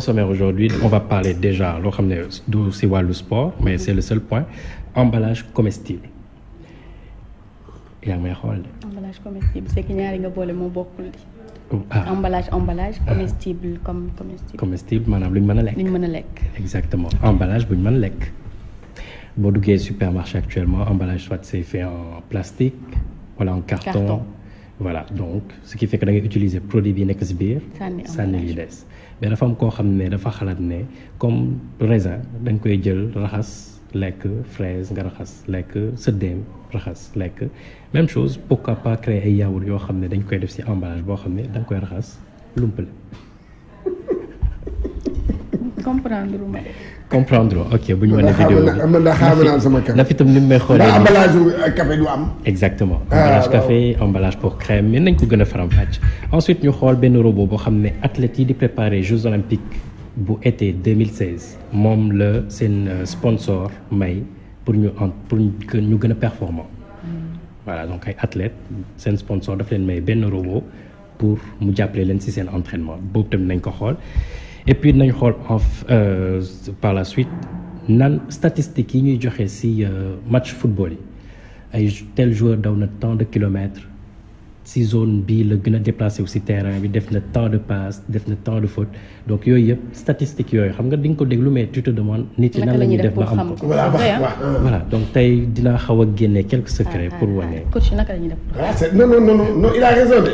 sommaire aujourd'hui on va parler déjà loo xam ne du si wàllu sport mais c'est le seul point emballage comestible yaa ngi may xool de. emballage comestible c'est nga boole moo bokkul di. ah emballage emballage ah. comestible comme comestible. comestible maanaam luñ mën a lekk luñ mën a lekk. exactement emballage buñ mën a lekk boo duggee supermarché actuellement emballage soit c'est fait en plastique wala en carton. voilà donc ce qui fekk que da utiliser produit bi nekk si biir. sànni li des mais dafa koo xam ne dafa xalaat ne comme raisin dañ koy jël raxas lekk fraise nga raxas lekk sëddeem raxas lekk même chose pourquoi pas créer ay yaourt yoo xam ne dañ koy def si emballage boo xam ne da koy raxas lumpale comprendre ma comprendre ok bu ñu mënee vidéo bi am na xaaral sama euh, café. du am. exactement ah, emballage café emballage pour crème mais nañ ko gën a faram-fàcc. ensuite ñu xool benn robo boo xam ne athlètes yi di préparer Jeux olympiques bu été 2016 moom la seen euh, sponsor may pour ñu en pour ñu gën a performant. Hmm. voilà donc ay athlètes seen sponsor daf leen may benn robo pour mu jàppale leen ci seen entraînement boobu tamit nañ ko xool. et puis nañ xool off euh, par la suite nan statistiques yi ñuy joxe ci euh, match football yi ay tel joueur daw na tant de kilomètres si zone bi la gën a déplacé si terrain bi def na temps de passe def na temps de faute donc yooyu yëpp statistiques yooyu xam nga di nga ko déglu mais tu te demandes nit yi nan la ñuy def ba am ko voilà donc tey dinaa xaw a génne quelques secrets ah, pour ah, wane. Ah. coach naka la def. non non non non il a raison de.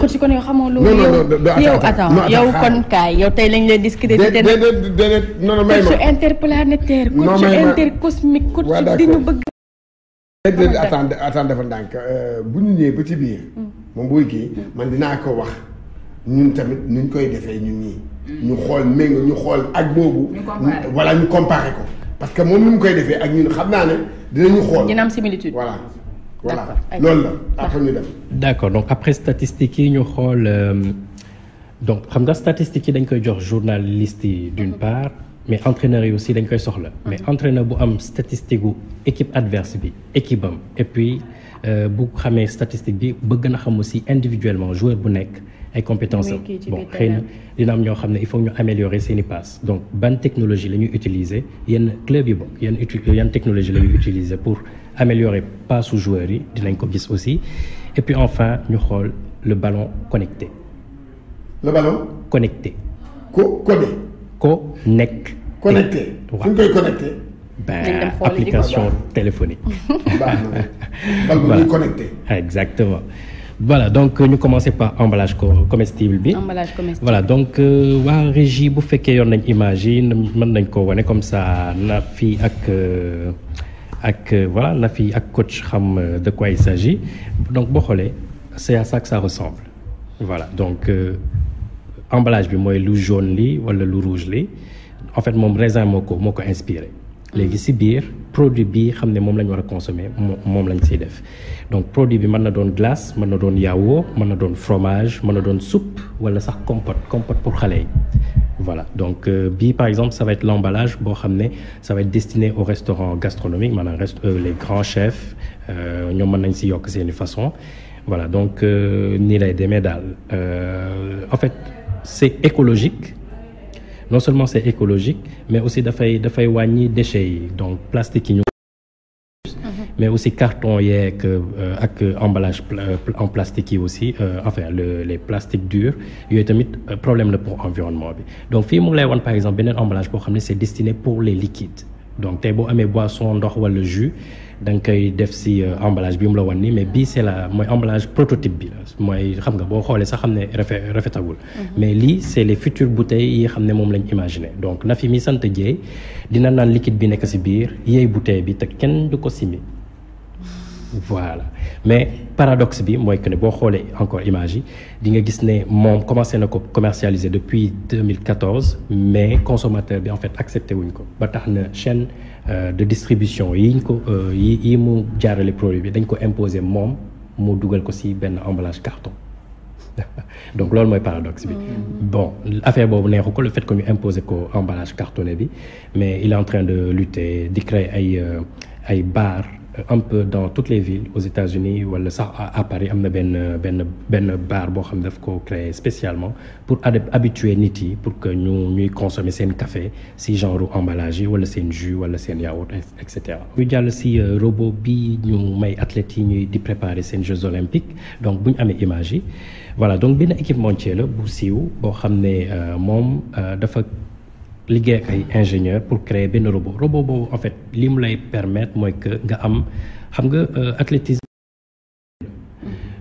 intercosmique coach di euh, ñu bëgg. moom booy kii man dinaa ko wax ñun tamit nuñ koy defee ñun ñii. ñu xool méngoo ñu xool ak boobu. wala ñu comparé ko. parce que moom nu ñu koy defee ak ñun xam naa ne dinañu xool. dina am similitude voilà. voilà loolu la après ñu dem. d'accord donc après statistiques yi ñu xool euh, donc xam nga statistiques yi dañ koy jox journaliste yi d'une mm-hmm. part. mais entraîneurs yi aussi dañ koy soxla. mais mm-hmm. entraîneur bu am statistique gu équipe adverse bi équipe am et puis. Euh, bu xamee statistique bi bëgg na xam aussi individuellement joueur bu nekk ay compétences am bon xëy na dina am ñoo xam ne il faut ñu améliorer seen i passe donc ban technologie la ñuy utiliser yenn club yi bokk yenn yan technologie la utiliser pour améliorer passu joueurs yi dinañ ko gis aussi et puis enfin ñu xool le ballon connecté. le ballon. connecté. co connecté. connecté fu ñu koy connecté. ben, application téléphonique. voilà. Exactement. voilà donc ñu euh, commencer par emballage comestible bi. emballage comestible voilà donc euh, waa régie bu fekkee yoon nañ image yi mën nañ ko wane comme ça na fi ak euh, ak voilà na fi ak coach xam de quoi il s'agit donc boo xoolee c'est à ça que ça ressemble voilà donc emballage bi mooy lu jaune li wala lu rouge li en fait moom raisin moo moo ko inspiré. léegi si biir produit bi xam ne moom la war a consommer moom lañ siy def donc produit bi mën na doon glace mën na doon yaourt mën na doon fromage mën na doon soupe wala sax compote compote pour xale yi voilà donc euh, bii par exemple ça va être l'emballage boo xam ne ça va être destiné au restaurant gastronomique maanaam rest euh, les grands chefs euh, ñoo mën nañ si yokk seeni façon voilà donc nii lay demee daal en fait c'est écologique non seulement c'est écologique mais aussi dafay dafay wàññi déchets yi donc plastique yi ñu mm-hmm. mais aussi carton yeeg euh, ak emballage euh, en plastique yi aussi euh, enfin le les plastiques durs yooyu tamit problème la pour environnement bi donc fii mu ngi lay wan par exemple beneen emballage boo xam ne c'est destiné pour les liquides donc tey boo amee boisson ndox wala jus da nga koy def si euh, emballage bi mu la wan nii mais bii c'est la mooy emballage prototype bi mooy xam nga boo xoolee sa xam ne rafet rafetagul mhm. mais lii c'est les futures bouteilles yi xam ne moom lañ imaginer donc na fi mi sant jeey dina naan liquide bi nekk si biir yeey bouteille bi te kenn du ko simi voilà mais paradoxe bi mooy que ne boo xoolee encore image yi di nga gis ne moom commencé na ko commercialiser depuis 2014 mais consomateur bi en fait accepté wuñ ko ba tax na chaîne Euh, de distribution yi ñu ko euh, yi yi mu jaarale produit bi dañ ko imposer moom mu dugal ko si benn emballage carton donc loolu mooy paradoxe bi mm. bon affaire boobu neexu ko le fait ko ñu imposer ko emballage cartonné bi mais il est en train de lutter di créer ay euh, ay barres un peu dans toutes les villes aux États-Unis wala sax à am na benn benn benn bar boo xam ne daf ko créé spécialement pour habituer nit yi pour que ñu ñuy consommer seen café si genre emballage yi wala seen jus wala seen yaourt et cetera. ñu jàll si euh, robot bi ñu may athlètes yi ñuy di préparer seen Jeux olympiques donc bu ñu amee image yi voilà donc benn équipement montier la bu siiw boo xam ne euh, moom euh, dafa. liggéey ak ay ingénieur pour créer benn robot robot boobu en fait li mu lay permettre mooy que nga am xam nga euh, athlétisme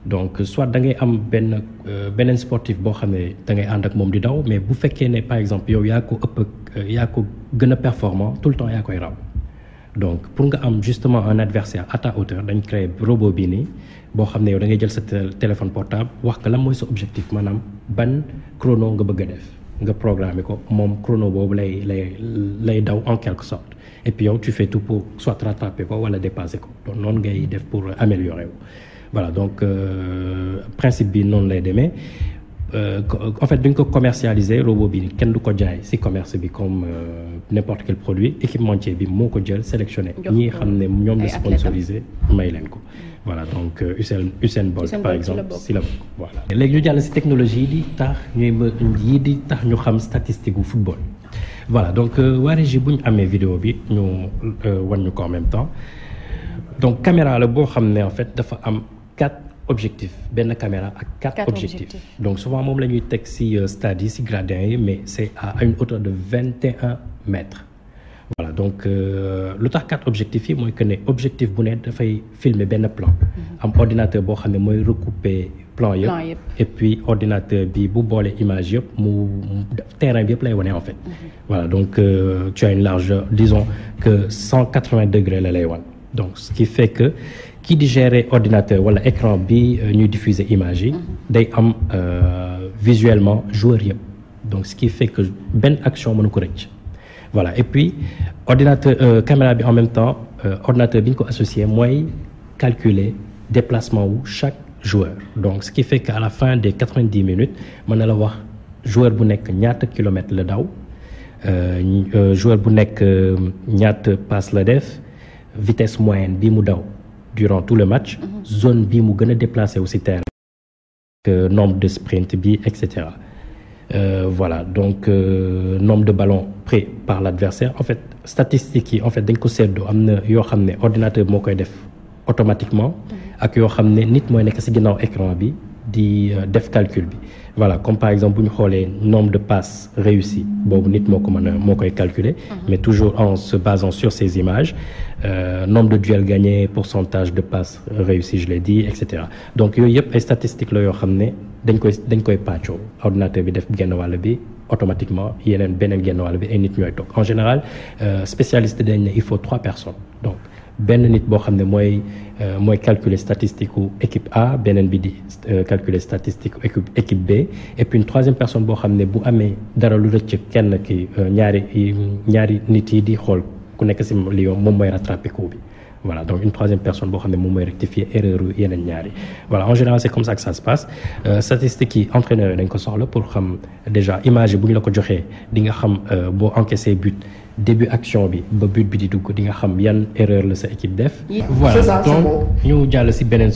donc soit da ngay am benn euh, beneen sportif boo xam ne dangay ànd ak moom di daw mais bu fekkee ne par exemple yow yaa ko ëpp euh, yaa ko gën a performant tout le temps yaa koy raw donc pour nga am justement un adversaire à ta hauteur dañ créé robot bi nii boo xam ne yow da jël sa téléphone portable wax nga lan mooy sa objectif maanaam ban chrono nga bëgg a def nga programmer ko moom chrono boobu lay la lay daw en quelque sorte et puis yow tu fais tout pour soit rattraper ko wala dépasser ko donc noonu ngay def pour améliorer wu voilà donc euh, principe bi noonu lay demee Euh, en fait duñ ko commercialiser robot bi kenn du ko jaay si commerce bi comme euh, n'importe quel produit équipementier bi moo ko jël sélectionné ñi xam ne ñoom la sponsorisé may leen ko mm. voilà donc euh, Usain Usain Bolt par exemple ci la bokk voilà léegi ñu jàll ci technologie yi di tax ñuy yi di tax ñu xam statistique wu football voilà donc waa régie bu ñu amee vidéo bi ñu wan ñu ko en même temps donc caméra la boo xam ne en fait dafa am quatre objectif benn caméra ak quatre, quatre objectifs. objectifs donc souvent moom la ñuy teg ci euh, stade yi ci mais c'est à une hauteur de vingt et un mètres voilà donc euh, lu tax quatre objectifs yi mooy que ne objectif bu ne dafay filmer benn plan mm-hmm. am ordinateur boo xam ne mooy recouper plan yëpp et puis ordinateur bi bu boole image yëpp mu terrain bi yëpp lay wane en fait mm-hmm. voilà donc euh, tu as une largeur disons que degrés la lay wan donc ce qui fait que ki di gérer ordinateur wala écran bi euh, ñu diffuser image yi day am euh, visuellement joueur yëpp donc ce qui fait que benn action mënu ko rëcc voilà et puis ordinateur euh, bi en même temps euh, ordinateur bi ñu ko associé mooy calculer déplacement wu chaque joueur donc ce qui fait que à la fin des quatre-vingt-dix minutes mën na la wax joueur bu nekk ñaata kilomètres la daw euh, joueur bu nekk ñaata passe la def vitesse moyenne bi mu daw durant tout le match zone bi mu gën a déplacé wu si nombre de sprint bi et cetera euh, voilà donc euh, nombre de ballons pris par l'adversaire en fait statistiques yi en fait dañ ko seddoo am na yoo xam ne ordinateur moo koy def automatiquement ak yoo xam ne nit mooy nekk si ginnaaw écran bi di euh, def calcul bi voilà comme par exemple bu ñu xoolee nombre de passes réussies boobu nit moo ko mën a moo koy calculer mhm. mais toujours en se basant sur ces images euh, nombre de duels gagnés pourcentage de passes réussies je l'ai dit et cetera donc yooyu yëpp ay statistiques la yoo xam ne dañ koy dañ koy pàccoo ordinateur bi def genn wàll bi automatiquement yeneen beneen genn wàll bi ay nit ñooy toog en général euh, spécialiste dañ ne il faut trois personnes donc benn nit boo xam ne mooy euh, mooy calculer statistique u équipe A beneen bi di euh, calculer statistique équipe équipe B et puis une troisième personne boo xam ne bu amee dara lu rëcc kenn ki euh, ñaari ñaari nit yi di xool ku nekk si lion moom mooy rattrapé coup bi voilà donc une troisième personne boo xam ne moom mooy rectifier erreur yu yeneen ñaari voilà en général c'est comme ça que ça se passe statistiques yi entraîneurs yi dañ ko soxla pour xam déjà image bu ñu la ko joxee di nga xam boo encaissé but début action bi ba but bi di dugg di nga xam yan erreur la sa équipe def. voilà donc ñu jàll si beneen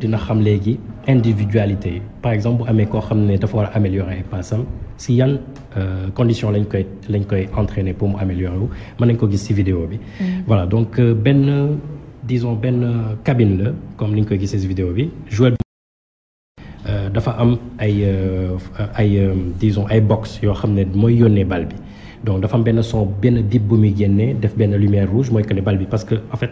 dina xam léegi individualité yi par exemple amee koo xam ne dafa war a améliorer ay passam si yan euh, condition lañ koy lañ koy entraîner pour mu améliorer wu mën ko gis si vidéo bi. Mm. voilà donc euh, benn disons benn euh, cabine la comme ni ñu koy gisee si vidéo bi joueur. dafa am ay euh, ay euh, disons ay box yoo xam ne mooy yónnee bal bi donc dafa benn son benn dib bu muy génnee def benn lumière rouge mooy que ne bal bi parce que en fait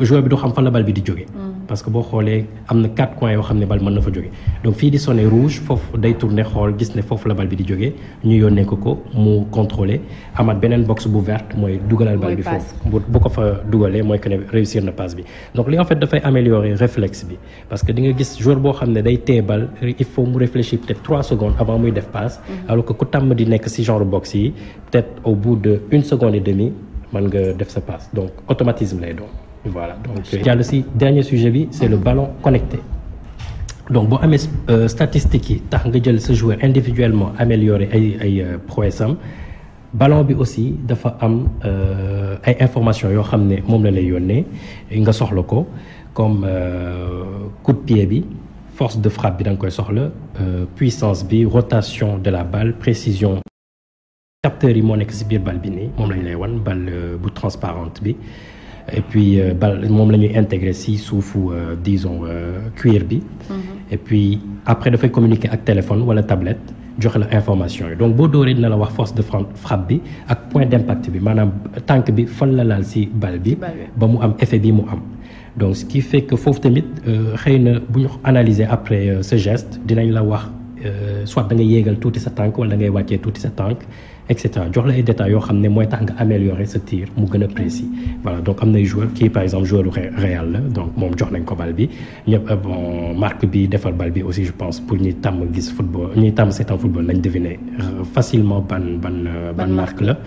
joueur bi du xam fan la bal bi di jógee. Mm. parce que boo xoolee am na quatre coins yoo xam ne bal mën na fa jóge donc fii di sonné rouge foofu day tourné xool gis ne foofu la bal bi di jógee ñu yónnee ko ko mu contrôlé amat beneen box bu verte mooy dugalal bal bi foofu bu ko fa dugalee mooy que ne réussir na passe bi donc li en fait dafay améliorer réflexe bi parce que di nga gis joueur boo xam ne day tee bal il faut mu réfléchir peut-être trois secondes avant muy def passe mm-hmm. alors que ku tàmm di nekk ci genre box yi peut-être au bout une seconde et demie mën def sa donc automatisme lay doon voilà donc euh, jàll si dernier sujet bi c'est le ballon connecté donc boo amee euh, statistiques yi tax nga jël sa joueur individuellement amélioré ay ay euh, prouesse am ballon bi aussi dafa am ay informations yoo xam ne moom la lay yónnee nga soxla ko comme coup de pied bi force de frappe bi da nga koy soxla puissance bi rotation de la balle précision capteurs yi moo nekk ci biir balle bi nii moom lañ lay wan balle bu transparente bi et euh, bal moom la ñuy intégré si suufu euh, disons euh, cuir bi. Mhm. et puis après dafay communiquer ak téléphone wala tablet joxe la information yi donc boo dóoree dina la wax force de frappe bi ak point d'impact bi maanaam tànk bi fan la si bal bi. ba mu am effet bi mu am. donc ce qui fait que foofu tamit xëy na bu ñu analyser après ce geste dinañ la wax. Euh, soit da ngay yéegal tuuti sa tànk wala da ngay wàccee tuuti sa tànk et cetera jox la ay détails yoo xam ne mooy tax nga améliorer sa tir mu gën a précis voilà donc am nay joueur kii par exemple joueur Real la donc moom jox nañ ko bal bi ñëpp euh, bon marque bi defar bal bi aussi je pense pour ñuy tàmm gis football ñuy tàmm seetaan football lañ deviner euh, facilement ban ban ban marque la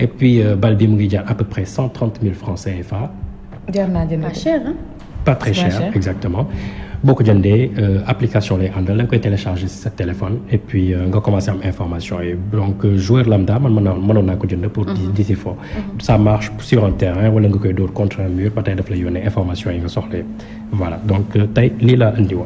et puis bal bi mu ngi jaar à peu près cent trente mille francs CFA. jar naa jënd pas cher hein. pas très cher exactement. boo ko jëndee euh, application lay àndal da nga koy télécharger si sa téléphone et puis euh, nga commencé am information yi donc euh, joueur lambda man mën mënoon naa ko jënd pour dix mhm. dix fois mhm. ça marche sur un terrain wala nga koy dóor contre un mur ba tey daf lay yónnee information yi nga soxla voilà donc tey lii laa indi